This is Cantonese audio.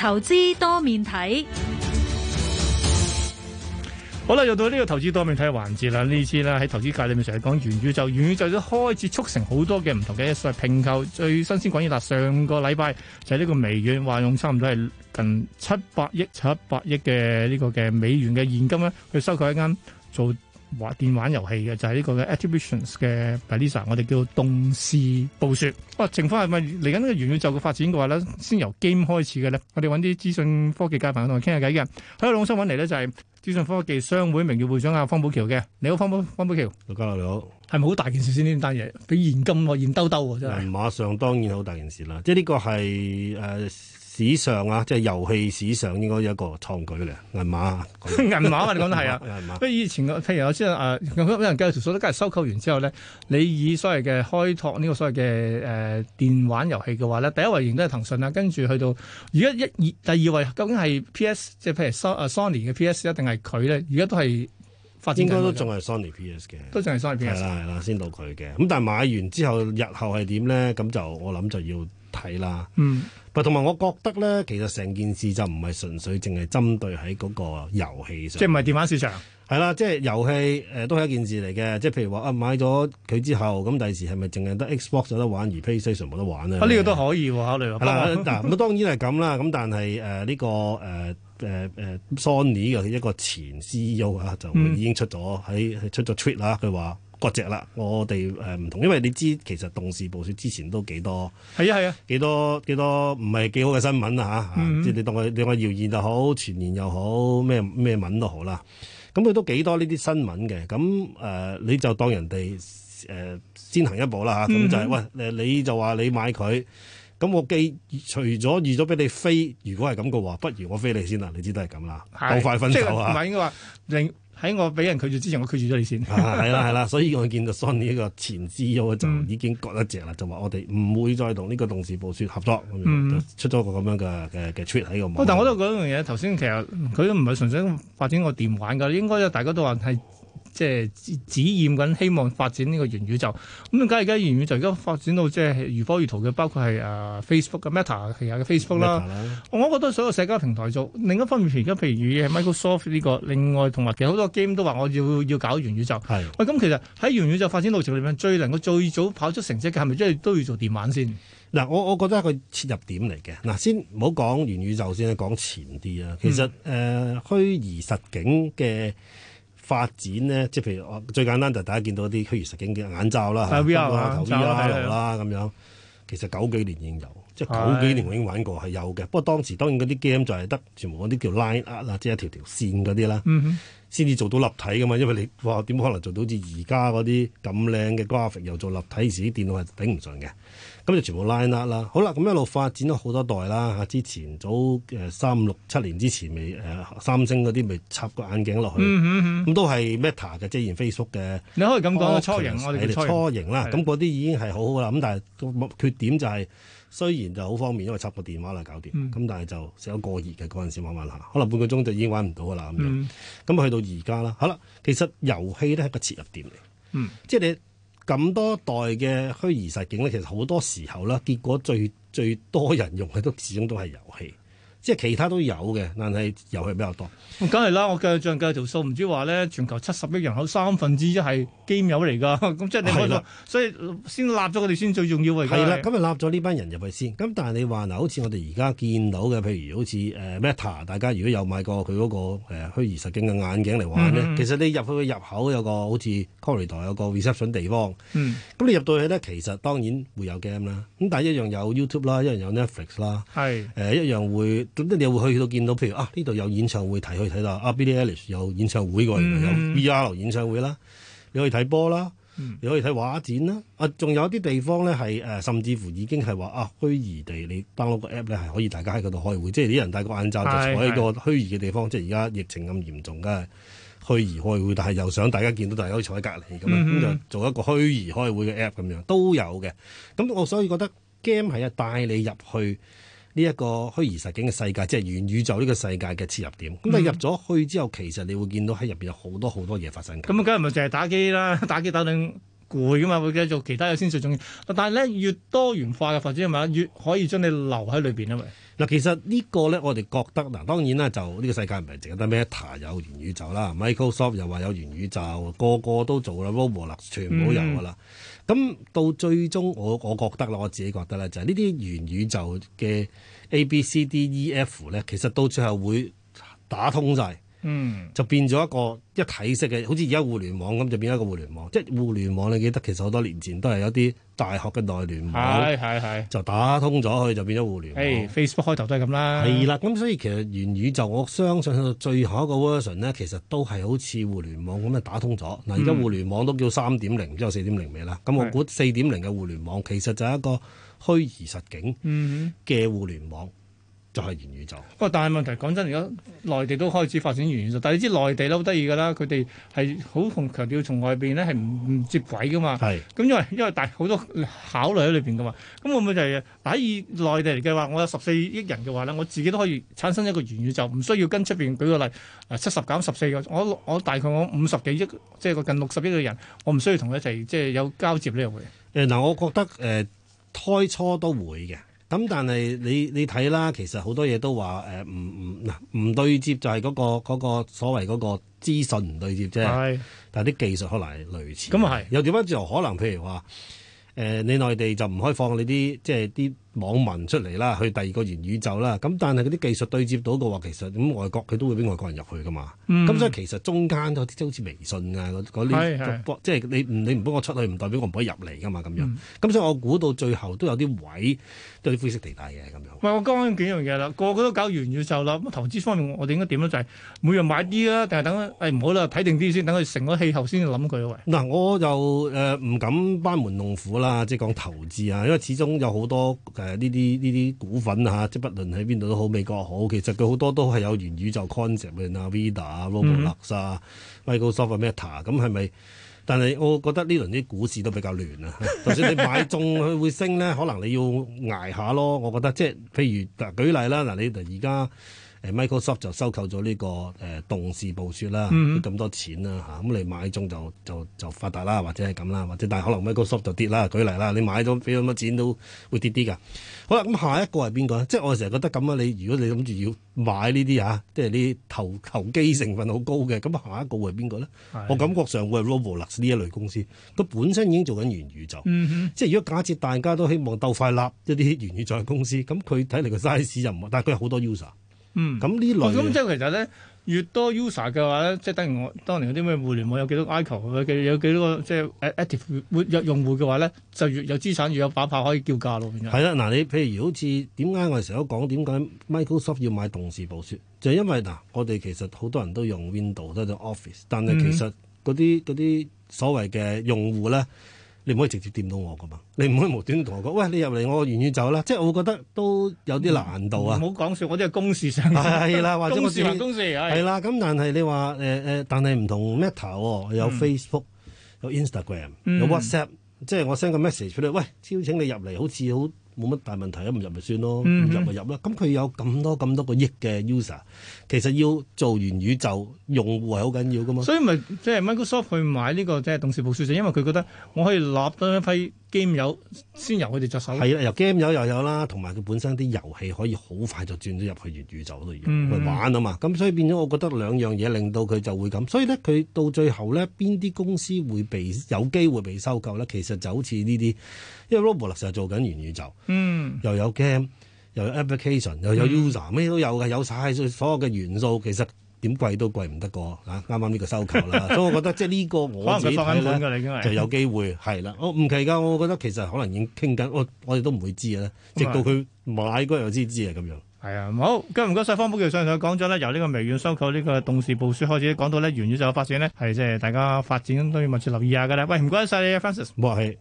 投資多面睇，好啦，又到呢個投資多面睇嘅環節啦。次呢次咧喺投資界裏面成日講元宇宙，元宇宙都開始促成好多嘅唔同嘅所謂併購。最新鮮滾熱辣，上個禮拜就係呢個微軟，話用差唔多係近七百億、七百億嘅呢個嘅美元嘅現金咧，去收購一間做。玩電玩遊戲嘅就係、是、呢個嘅 Activision 嘅 Blizzard，我哋叫動視暴雪。哇、啊，情況係咪嚟緊嘅元宇宙嘅發展嘅話呢？先由 game 開始嘅呢，我哋揾啲資訊科技界朋友同我傾下偈嘅。喺、啊、度，我新揾嚟呢，就係資訊科技商會名譽會長啊方保僑嘅。你好，方保方保僑。大家好，你好。係咪好大件事先呢單嘢？俾現金喎，現兜兜喎、啊、真係。馬上當然好大件事啦，即係呢個係誒。呃史上啊，即係遊戲史上應該有一個創舉嚟。銀碼。那個、 銀碼啊，你講得係啊。不如 以前譬如我知道啊，有有有人計條數都梗係收購完之後咧，你以所謂嘅開拓呢個所謂嘅誒、呃、電玩遊戲嘅話咧，第一位仍都係騰訊啊。跟住去到而家一二第二位究竟係 PS 即係譬如 Sony 嘅 PS 一定係佢咧，而家都係。發展應該都仲係 Sony PS 嘅，都仲係 Sony PS 係啦，係啦，先到佢嘅。咁但係買完之後，日後係點咧？咁就我諗就要睇啦。嗯，同埋我覺得咧，其實成件事就唔係純粹淨係針對喺嗰個遊戲上，即係唔係電玩市場？係啦，即係遊戲誒、呃、都係一件事嚟嘅。即係譬如話啊，買咗佢之後，咁、嗯、第時係咪淨係得 Xbox 有得玩，而 PlayStation 冇得玩呢？呢、啊呢個都可以考慮。係啦，咁當然係咁啦。咁但係誒呢個誒。呃呃呃呃誒誒、呃、Sony 嘅一個前 CEO 啊，就已經出咗喺、嗯、出咗 tweet 啦，佢話割席啦，我哋誒唔同，因為你知其實動視暴雪之前都幾多，係啊係啊，幾多幾多唔係幾好嘅新聞啊嚇，即係、嗯啊、你當佢當佢謠言又好，傳言又好，咩咩文都好啦，咁佢都幾多呢啲新聞嘅，咁誒、呃、你就當人哋誒、呃、先行一步啦嚇，咁、啊嗯、就係、是、喂你就話你買佢。咁我既除咗預咗俾你飛，如果係咁嘅話，不如我飛你先啦，你知道係咁啦，趕是快分手啊！唔係應該話，令喺我俾人拒絕之前，我拒絕咗你先。係啦係啦，所以我見到 Sony 呢個前知咗就已經割得正啦，就話我哋唔會再同呢個動視部署合作。嗯、出咗個咁樣嘅嘅嘅 tweet 喺個網。但我都覺得一樣嘢，頭先其實佢都唔係純粹發展個電玩㗎，應該大家都話係。即係指驗緊，希望發展呢個元宇宙。咁你而家而家元宇宙而家發展到即係如火如荼嘅，包括係誒 Facebook、嘅 Meta 旗下嘅 Facebook 啦。Met a, 我覺得所有社交平台做。另一方面，而家譬如 Microsoft 呢、呢個，另外同埋其實好多 game 都話我要要搞元宇宙。係是。喂、哎，咁、嗯、其實喺元宇宙發展路程裏面，最能夠最早跑出成績嘅係咪即係都要做電玩先？嗱，我我覺得係一個切入點嚟嘅。嗱，先唔好講元宇宙先，講前啲啊。其實誒、嗯呃、虛擬實境嘅。發展咧，即係譬如我最簡單就大家見到啲虛擬實境嘅眼罩啦，係啊，VR 啦咁樣，其實九幾年已經有，的即係九幾年我已經玩過係有嘅。不過當時當然嗰啲 game 就係得全部嗰啲叫 line art 啦，即係一條條線嗰啲啦。嗯哼先至做到立體噶嘛，因為你話點可能做到好似而家嗰啲咁靚嘅 graphic 又做立體時，而啲電腦係頂唔順嘅，咁就全部拉甩啦。好啦，咁一路發展咗好多代啦嚇，之前早誒三六七年之前未誒三星嗰啲未插個眼鏡落去，咁、嗯嗯嗯、都係 Meta 嘅，即、就、然、是、Facebook 嘅。你可以咁講，Focus 初型我哋初，初型啦。咁嗰啲已經係好好啦，咁但係個缺點就係、是、雖然就好方便，因為插個電話嚟搞掂，咁、嗯、但係就成日過熱嘅嗰陣時玩玩下，可能半個鐘就已經玩唔到噶啦咁樣。咁去到而家啦，好啦，其實遊戲咧係個切入點嚟，嗯，即係你咁多代嘅虛擬實境咧，其實好多時候咧，結果最最多人用嘅都始終都係遊戲。即係其他都有嘅，但係遊戲比較多。梗係啦，我計帳計條數，唔知話咧，全球七十億人口三分之一係 game 友嚟㗎。咁 即係你嗰個的，所以先立咗佢哋先最重要㗎。係啦，咁就立咗呢班人入去先。咁但係你話嗱，好似我哋而家見到嘅，譬如好似誒、呃、Meta，大家如果有買過佢嗰、那個誒、呃、虛擬實境嘅眼鏡嚟玩咧，嗯嗯其實你入去入口有個好似 corridor 有個 reception 地方。咁、嗯、你入到去咧，其實當然會有 game 啦。咁但係一樣有 YouTube 啦，一樣有 Netflix 啦。係是。誒、呃、一樣會。咁即係你會去到見到，譬如啊，呢度有演唱會睇可以睇啦，啊 Billie Eilish 有演唱會嘅，有 VR 演唱會啦，你可以睇波啦，你可以睇畫展啦，啊，仲有啲地方咧係誒，甚至乎已經係話啊虛擬地你 download 個 app 咧係可以大家喺嗰度開會，即係啲人戴個眼罩就坐喺個虛擬嘅地方，即係而家疫情咁嚴重，梗係虛擬開會，但係又想大家見到大家可以坐喺隔離咁樣，咁就做一個虛擬開會嘅 app 咁樣都有嘅。咁我所以覺得 game 係啊帶你入去。呢一個虛擬實境嘅世界，即係元宇宙呢個世界嘅切入點。咁你入咗去之後，其實你會見到喺入邊有好多好多嘢發生嘅。咁梗係咪係淨係打機啦？打機打定～攰噶嘛，會繼續做其他嘢先最重要。但係咧，越多元化嘅發展係咪越可以將你留喺裏邊啊嘛。嗱，其實呢個咧，我哋覺得嗱，當然咧，就呢個世界唔係淨係得 Meta 有元宇宙啦，Microsoft 又話有元宇宙，個個都做啦，Robo 啦，Rob o, 全部都有噶啦。咁、嗯、到最終，我我覺得啦，我自己覺得咧，就係呢啲元宇宙嘅 A B C D E F 咧，其實到最後會打通晒。嗯，就變咗一個一體式嘅，好似而家互聯網咁，就變咗一個互聯網。即係互聯網，你記得其實好多年前都係有啲大學嘅內聯網，係係係就打通咗，佢就變咗互聯網。誒，Facebook 開頭都係咁啦。係啦，咁所以其實元宇宙，我相信去到最後一個 version 咧，其實都係好似互聯網咁樣打通咗。嗱，而家互聯網都叫三點零，之後四點零未啦？咁我估四點零嘅互聯網其實就係一個虛擬實境嘅互聯網。就係元宇宙。不過、哦，但係問題講真而家，內地都開始發展元宇宙。但係你知內地都好得意㗎啦，佢哋係好強調從外邊咧係唔唔接軌㗎嘛。係是。咁、嗯、因為因為大好多考慮喺裏邊㗎嘛。咁會唔會就係以內地嚟嘅話，我有十四億人嘅話咧，我自己都可以產生一個元宇宙，唔需要跟出邊。舉個例，七十減十四個，我我大概我五十幾億，即係個近六十億嘅人，我唔需要同佢一齊即係有交接呢樣嘢。誒嗱、嗯嗯，我覺得誒最、呃、初都會嘅。咁但係你你睇啦，其實好多嘢都話誒唔唔嗱唔對接，就係嗰個嗰個所謂嗰個資訊唔對接啫。係，但係啲技術可能係類似。咁啊係，又點樣就可能？譬如話誒，你內地就唔開放你啲即係啲。網民出嚟啦，去第二個元宇宙啦，咁但係嗰啲技術對接到嘅話，其實咁外國佢都會俾外國人入去噶嘛，咁、嗯、所以其實中間嗰啲即好似微信啊嗰啲，即係你唔你唔俾我出去，唔代表我唔可以入嚟噶嘛咁樣。咁、嗯、所以我估到最後都有啲位都有啲灰色地帶嘅咁樣。唔係我講緊幾樣嘢啦，個個都搞元宇宙啦，咁投資方面我哋應該點咧？就係、是、每日買啲啊，哎、定係等誒唔好啦，睇定啲先，等佢成個氣候先諗佢喂。嗱、呃，我就誒唔、呃、敢班門弄斧啦，即係講投資啊，因為始終有好多。誒呢啲呢啲股份啊，即係不論喺邊度都好，美國好，其實佢好多都係有元宇宙 concept 嘅、啊，納維達、羅、啊、Microsoft Meta，咁、啊、係咪、嗯？但係我覺得呢輪啲股市都比較亂啊。就算 你買中佢會升咧，可能你要捱下咯。我覺得即係譬如嗱、啊，舉例啦，嗱你而家。Microsoft 就收購咗呢、這個誒、呃《動視暴雪》啦，咁、mm hmm. 多錢啦、啊、嚇，咁、啊、你買中就就就發達啦，或者係咁啦，或者但係可能 Microsoft 就跌啦。舉例啦，你買咗俾咁多錢都會跌啲㗎。好啦，咁、嗯、下一個係邊個咧？即係我成日覺得咁啊。你如果你諗住要買呢啲啊，即係啲投投機成分好高嘅，咁、嗯嗯、下一個會係邊個咧？Mm hmm. 我感覺上會係 Roblox 呢一類公司。佢本身已經做緊元宇宙，mm hmm. 即係如果假設大家都希望鬥快立一啲元宇宙嘅公司，咁佢睇嚟個 size 就唔，但係佢有好多 user。嗯，咁呢類哦，咁即係其實咧，越多 user 嘅話咧，即係等於我當年嗰啲咩互聯網有幾多 icon，有幾多個即係 active 活躍用戶嘅話咧，就越有資產，越有把炮可以叫價咯。係啦、嗯，嗱你譬如好似點解我哋成日都講點解 Microsoft 要買動視暴雪，就係、因為嗱我哋其實好多人都用 Window 都係 Office，但係其實嗰啲啲所謂嘅用戶咧。你唔可以直接掂到我㗎嘛？你唔可以無端端同我講，喂，你入嚟我元宇宙啦。即係我覺得都有啲難度啊。唔好講笑，我啲係公事上。係啦、 啊，或者我公事行公事。係啦、嗯，咁是但係你話誒誒，但係唔同 Meta、哦、有 Facebook 有 Instagram 有 WhatsApp，、嗯、即係我 send 個 message 出嚟，喂，邀請你入嚟，好似好。冇乜大問題啊，唔入咪算咯，入咪入啦。咁佢有咁多咁多個億嘅 user，其實要做元宇宙用戶係好緊要噶嘛。所以咪即係 Microsoft 去買呢、這個即係、就是、動視暴雪就因為佢覺得我可以立到一批。Game 友先由佢哋着手，係啦，由 Game 友又有啦，同埋佢本身啲遊戲可以好快就轉咗入去元宇宙嗰度去玩啊嘛，咁所以變咗我覺得兩樣嘢令到佢就會咁，所以咧，佢到最後咧，邊啲公司會被，有機會被收購咧，其實就好似呢啲，因為 Roblox 就做緊元宇宙，嗯、又有 Game，又有 Application，又有 User，咩、嗯、都有嘅，有晒所有嘅元素，其實。點貴都貴唔得過啊，啱啱呢個收購啦， 所以我覺得即係呢個我自己咧就 有機會係啦。我唔奇噶，我覺得其實可能已經傾緊，我哋都唔會知嘅咧，直到佢買嗰日先知啊咁樣。係啊、 嗯，好，咁唔該晒方保僑上嚟講咗咧，由呢個微軟收購呢、這個動視暴雪開始講，講到咧元宇宙嘅發展呢。係即係大家發展都要密切留意下嘅啦。喂，唔該晒你，Francis。冇啊，係。